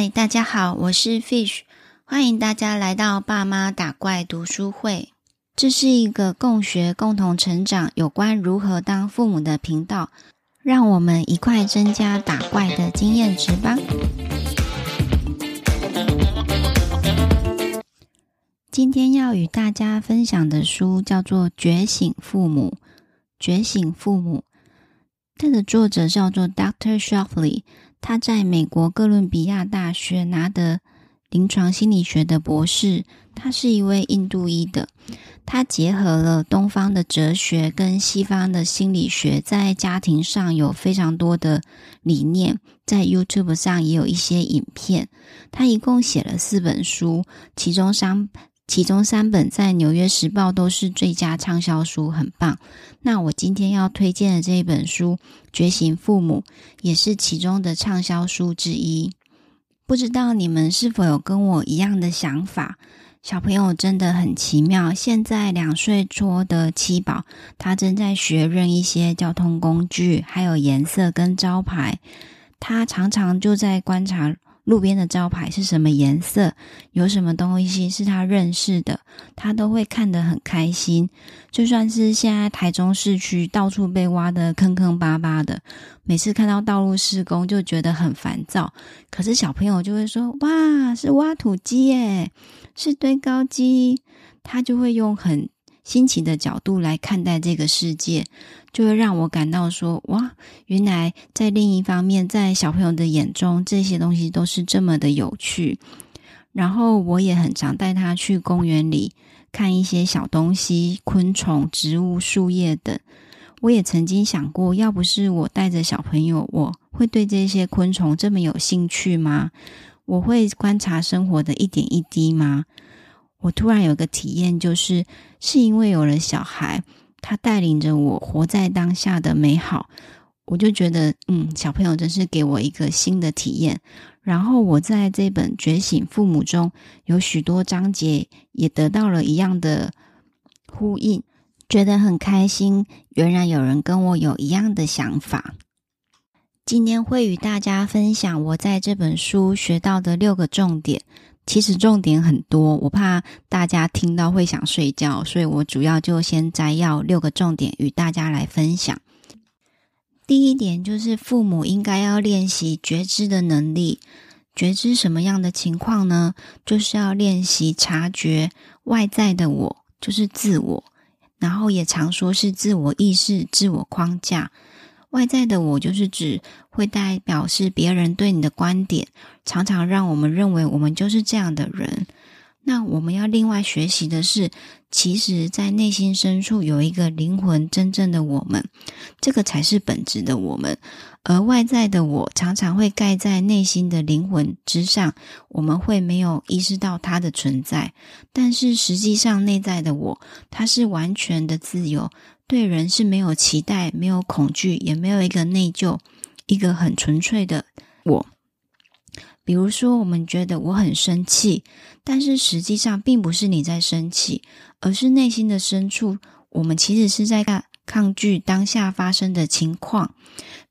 嗨，大家好，我是 Fish，歡迎大家來到爸媽打怪讀書會。這是一個共學、共同成長有關如何當父母的頻道，讓我們一塊增加打怪的經驗值吧。今天要與大家分享的書叫做《覺醒父母》，覺醒父母。它的作者叫做 Dr. Shefali，他在美國哥倫比亞大學拿的臨床心理學的博士，他是一位印度裔的，他結合了東方的哲學跟西方的心理學，在家庭上有非常多的理念，在 YouTube 上也有一些影片，他一共寫了四本書，其中三。其中三本在《紐約時報》都是最佳暢銷書，很棒。那我今天要推薦的這一本書《覺醒父母》也是其中的暢銷書之一。不知道你們是否有跟我一樣的想法？小朋友真的很奇妙。現在兩歲多的七寶，他正在學認一些交通工具，還有顏色跟招牌。他常常就在觀察。路邊的招牌是什麼顏色？有什麼東西是他認識的，他都會看得很開心。就算是現在台中市區到處被挖的坑坑巴巴的，每次看到道路施工就覺得很煩躁，可是小朋友就會說：“哇，是挖土機誒，是堆高機。”他就會用很新奇的角度來看待這個世界，就會讓我感到說：哇，原來在另一方面，在小朋友的眼中，這些東西都是這麼的有趣。然後，我也很常帶他去公園裡看一些小東西，昆蟲、植物、樹葉等。我也曾經想過，要不是我帶着小朋友，我會對這些昆蟲這麼有興趣嗎？我會觀察生活的一點一滴嗎？我突然有個體驗，就是是因為有了小孩，他帶領着我活在當下的美好，我就覺得，嗯，小朋友真是給我一個新的體驗。然後我在這本《覺醒父母》中有許多章節也得到了一樣的呼應，覺得很開心。原來有人跟我有一樣的想法。今天會與大家分享我在這本書學到的六個重點。其實重點很多，我怕大家聽到會想睡覺，所以我主要就先摘要六個重點與大家來分享。第一點就是父母應該要練習覺知的能力，覺知什麼樣的情況呢？就是要練習察覺外在的我，就是自我，然後也常說是自我意識、自我框架。外在的我，就是指會代表是別人對你的觀點，常常讓我們認為我們就是這樣的人。那我們要另外學習的是，其實，在內心深處有一個靈魂，真正的我們，這個才是本質的我們。而外在的我，常常會蓋在內心的靈魂之上，我們會沒有意識到它的存在，但是實際上內在的我，它是完全的自由。對人是沒有期待，沒有恐懼，也沒有一個內疚，一個很純粹的我。比如說，我們覺得我很生氣，但是實際上並不是你在生氣，而是內心的深處，我們其實是在抗抗拒當下發生的情況，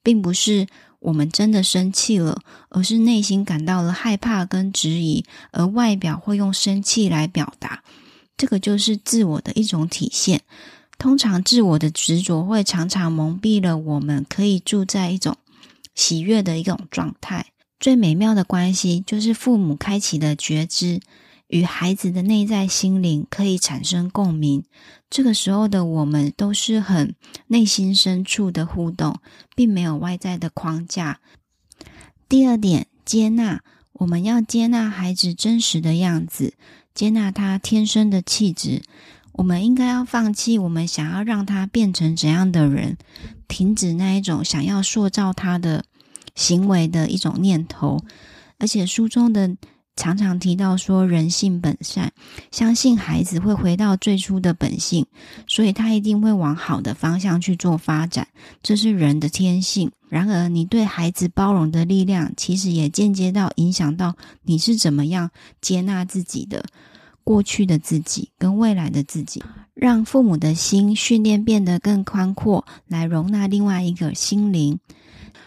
並不是我們真的生氣了，而是內心感到了害怕跟質疑，而外表會用生氣來表達。這個就是自我的一種體現。通常，自我的執着會常常蒙蔽了我們，可以住在一種喜悅的一種狀態。最美妙的關係，就是父母開啟的覺知與孩子的內在心靈可以產生共鳴。這個時候的我們，都是很內心深處的互動，並沒有外在的框架。第二點，接納，我們要接納孩子真實的樣子，接納他天生的氣質。我們應該要放棄我們想要讓他變成怎樣的人，停止那一種想要塑造他的行為的一種念頭。而且書中的常常提到說，人性本善，相信孩子會回到最初的本性，所以他一定會往好的方向去做發展，這是人的天性。然而，你對孩子包容的力量，其實也間接到影響到你是怎麼樣接納自己的。過去的自己跟未來的自己，讓父母的心訓練變得更寬闊，來容納另外一個心靈。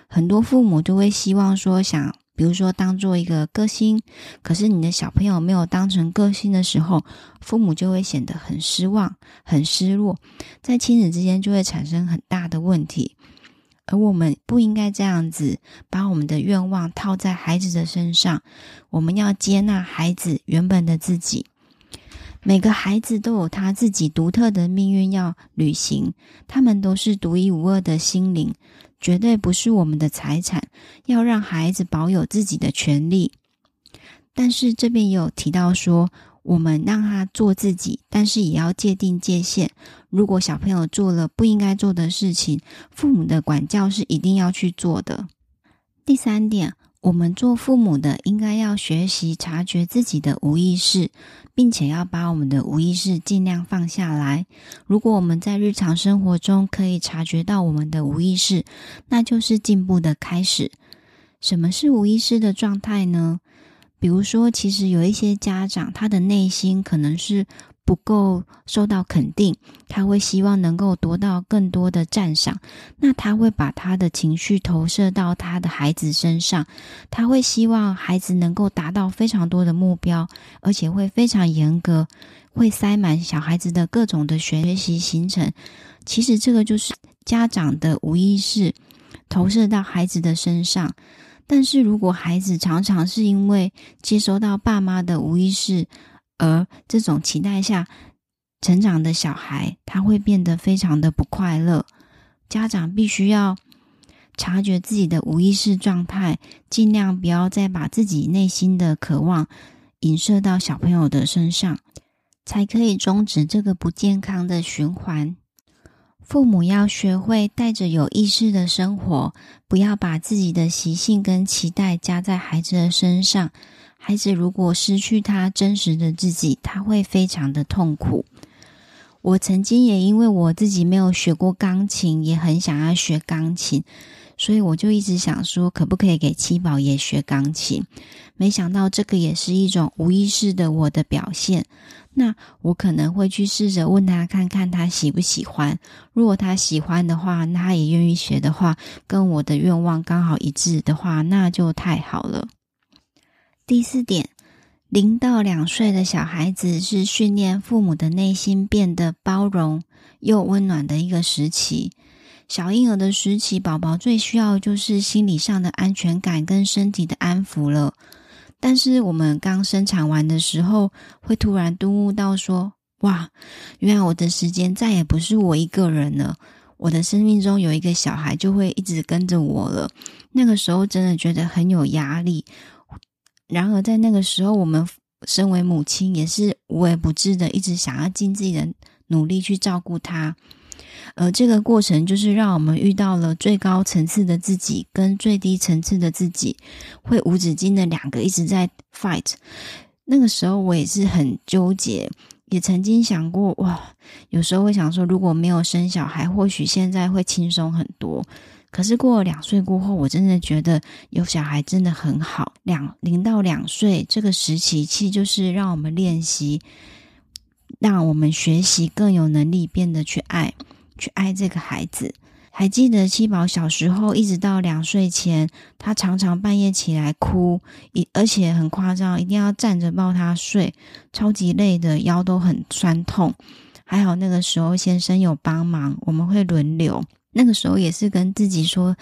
很多父母都會希望說想，想比如說當做一個歌星，可是你的小朋友沒有當成歌星的時候，父母就會顯得很失望、很失落，在親子之間就會產生很大的問題。而我們不應該這樣子把我們的願望套在孩子的身上，我們要接納孩子原本的自己。每個孩子都有他自己獨特的命運要履行，他們都是獨一無二的心靈，絕對不是我們的財產。要讓孩子保有自己的權利，但是這邊也有提到說，我們讓他做自己，但是也要界定界限。如果小朋友做了不應該做的事情，父母的管教是一定要去做的。第三點。我們做父母的，應該要學習察覺自己的無意識，並且要把我們的無意識盡量放下來。如果我們在日常生活中可以察覺到我們的無意識，那就是進步的開始。什麼是無意識的狀態呢？比如說，其實有一些家長，他的內心可能是。不夠受到肯定，他會希望能夠得到更多的讚賞。那他會把他的情緒投射到他的孩子身上，他會希望孩子能夠達到非常多的目標，而且會非常嚴格，會塞滿小孩子的各種的學習行程。其實這個就是家長的無意識投射到孩子的身上。但是如果孩子常常是因為接收到爸媽的無意識，而這種期待下成長的小孩，他會變得非常的不快樂。家長必須要察覺自己的無意識狀態，盡量不要再把自己內心的渴望影射到小朋友的身上，才可以終止這個不健康的循環。父母要學會帶着有意識的生活，不要把自己的習性跟期待加在孩子的身上。孩子如果失去他真實的自己，他會非常的痛苦。我曾經也因為我自己沒有學過鋼琴，也很想要學鋼琴。所以我就一直想說，可不可以給七寶也學鋼琴？沒想到這個也是一種無意識的我的表現。那我可能會去試着問他，看看他喜不喜歡。如果他喜歡的話，那他也願意學的話，跟我的願望剛好一致的話，那就太好了。第四點，零到兩歲的小孩子是訓練父母的內心變得包容又溫暖的一個時期。小嬰兒的時期，寶寶最需要的就是心理上的安全感跟身體的安撫了。但是我們剛生產完的時候，會突然頓悟到說：“哇，原來我的時間再也不是我一個人了，我的生命中有一個小孩就會一直跟着我了。”那個時候真的覺得很有壓力。然而在那個時候，我們身為母親也是無微不至的，一直想要盡自己的努力去照顧他。而這個過程就是讓我們遇到了最高層次的自己跟最低層次的自己，會無止境的兩個一直在 fight。那個時候我也是很糾結，也曾經想過，哇，有時候會想說，如果沒有生小孩，或許現在會輕鬆很多。可是過了兩歲過後，我真的覺得有小孩真的很好。兩零到兩歲這個時期，其實就是讓我們練習。讓我們學習更有能力，變得去愛，去愛這個孩子。還記得七寶小時候，一直到兩歲前，他常常半夜起來哭，而且很誇張，一定要站着抱他睡，超級累的，腰都很酸痛。還好那個時候先生有幫忙，我們會輪流。那個時候也是跟自己說，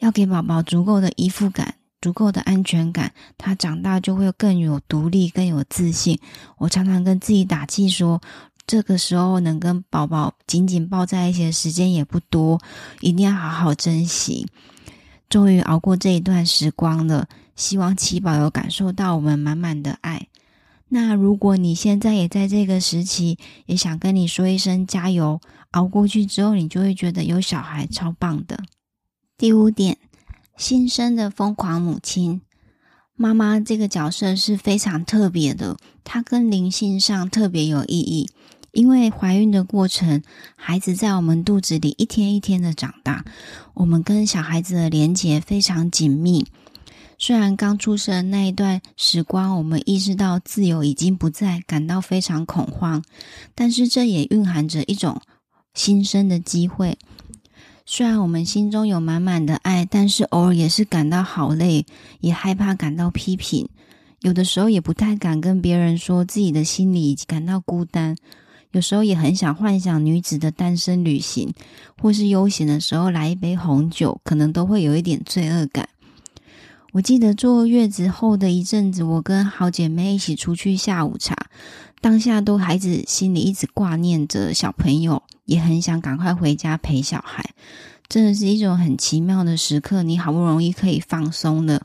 要給寶寶足夠的依附感。足夠的安全感，他長大就會更有獨立、更有自信。我常常跟自己打氣說，這個時候能跟寶寶緊緊抱在一起的時間也不多，一定要好好珍惜。終於熬過這一段時光了，希望七寶有感受到我們滿滿的愛。那如果你現在也在這個時期，也想跟你說一聲加油，熬過去之後你就會覺得有小孩超棒的。第五點。新生的瘋狂母親，媽媽這個角色是非常特別的，她跟靈性上特別有意義。因為懷孕的過程，孩子在我們肚子裡一天一天的長大，我們跟小孩子的連結非常緊密。雖然剛出生的那一段時光，我們意識到自由已經不在，感到非常恐慌，但是這也蘊含着一種新生的機會。雖然我們心中有滿滿的愛，但是偶爾也是感到好累，也害怕感到批評，有的時候也不太敢跟別人說自己的心裡感到孤單，有時候也很想幻想女子的單身旅行，或是悠閒的時候來一杯紅酒，可能都會有一點罪惡感。我記得坐月子後的一陣子，我跟好姐妹一起出去下午茶，當下都孩子心裡一直掛念着小朋友。也很想趕快回家陪小孩，真的是一種很奇妙的時刻。你好不容易可以放鬆了，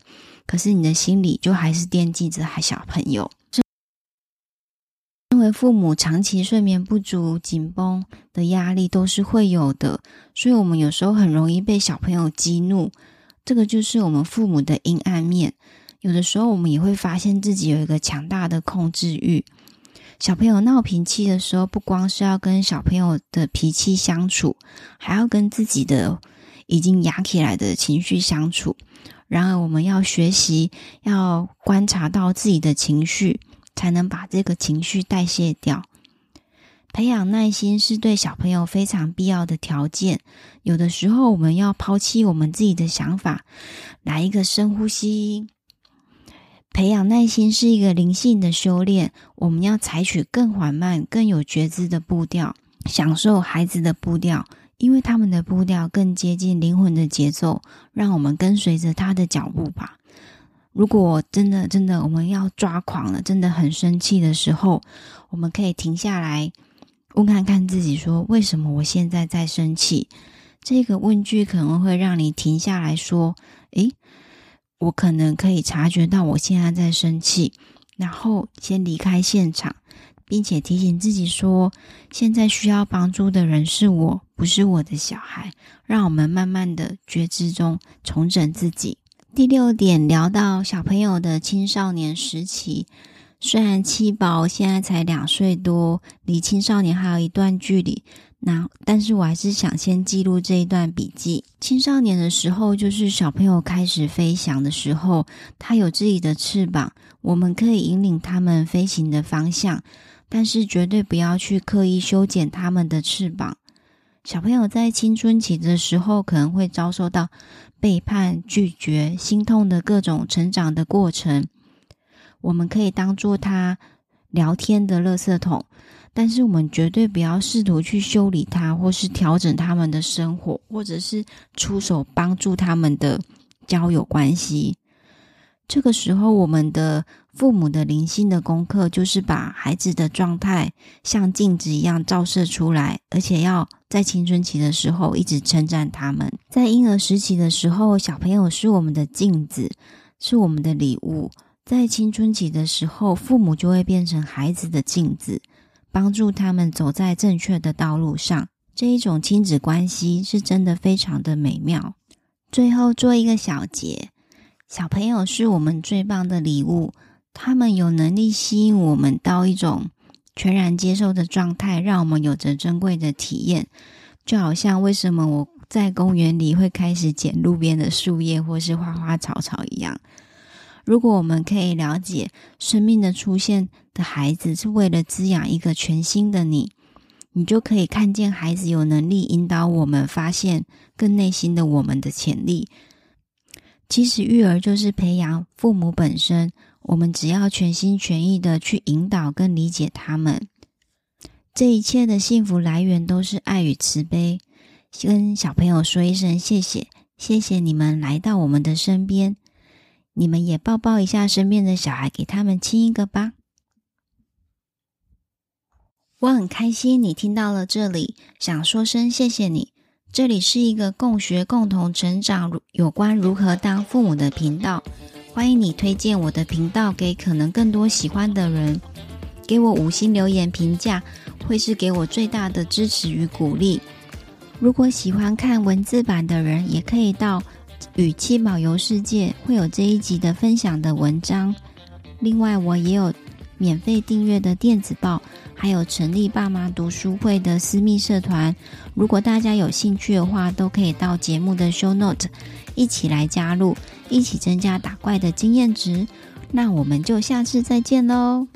可是你的心裡就還是惦記着還小朋友。身為父母，長期睡眠不足、緊繃的壓力都是會有的，所以我們有時候很容易被小朋友激怒。這個就是我們父母的陰暗面。有的時候，我們也會發現自己有一個強大的控制慾。小朋友鬧脾氣的時候，不光是要跟小朋友的脾氣相處，還要跟自己的已經壓起來的情緒相處。然而，我們要學習，要觀察到自己的情緒，才能把這個情緒代謝掉。培養耐心是對小朋友非常必要的條件。有的時候，我們要拋棄我們自己的想法，來一個深呼吸。培養耐心是一個靈性的修煉。我們要採取更緩慢、更有覺知的步調，享受孩子的步調，因為他們的步調更接近靈魂的節奏。讓我們跟隨着他的腳步吧。如果真的、真的我們要抓狂了，真的很生氣的時候，我們可以停下來問看看自己說：說為什麼我現在在生氣？這個問句可能會讓你停下來說：「誒」。我可能可以察覺到我現在在生氣，然後先離開現場，並且提醒自己說，現在需要幫助的人是我，不是我的小孩。讓我們慢慢的覺知中重整自己。第六點，聊到小朋友的青少年時期，雖然七寶現在才兩歲多，離青少年還有一段距離。那，但是我還是想先記錄這一段筆記。青少年的時候，就是小朋友開始飛翔的時候，他有自己的翅膀，我們可以引領他們飛行的方向，但是絕對不要去刻意修剪他們的翅膀。小朋友在青春期的時候，可能會遭受到背叛、拒絕、心痛的各種成長的過程，我們可以當做他，聊天的垃圾桶，但是我們絕對不要試圖去修理他，或是調整他們的生活，或者是出手幫助他們的交友關係。這個時候，我們的父母的靈性的功課就是把孩子的狀態像鏡子一樣照射出來，而且要在青春期的時候一直稱讚他們。在嬰兒時期的時候，小朋友是我們的鏡子，是我們的禮物。在青春期的時候，父母就會變成孩子的鏡子，幫助他們走在正確的道路上。這一種親子關係是真的非常的美妙。最後做一個小結：小朋友是我們最棒的禮物，他們有能力吸引我們到一種全然接受的狀態，讓我們有着珍貴的體驗。就好像為什麼我在公園裡會開始撿路邊的樹葉或是花花草草一樣。如果我們可以了解生命的出現的孩子是為了滋養一個全新的你，你就可以看見孩子有能力引導我們發現更內心的我們的潛力。其實育兒就是培養父母本身，我們只要全心全意的去引導跟理解他們。這一切的幸福來源都是愛與慈悲。先跟小朋友說一聲謝謝，謝謝你們來到我們的身邊。你們也抱抱一下身邊的小孩，給他們親一個吧。我很開心你聽到了這裡，想說聲謝謝你。這裡是一個共學、共同成長，有關如何當父母的頻道。歡迎你推薦我的頻道給可能更多喜歡的人，給我五星留言評價，會是給我最大的支持與鼓勵。如果喜歡看文字版的人，也可以到。與七寶遊世界會有這一集的分享的文章。另外，我也有免費訂閱的電子報，還有成立爸媽讀書會的私密社團。如果大家有興趣的話，都可以到節目的 show note 一起來加入，一起增加打怪的經驗值。那我們就下次再見嘍！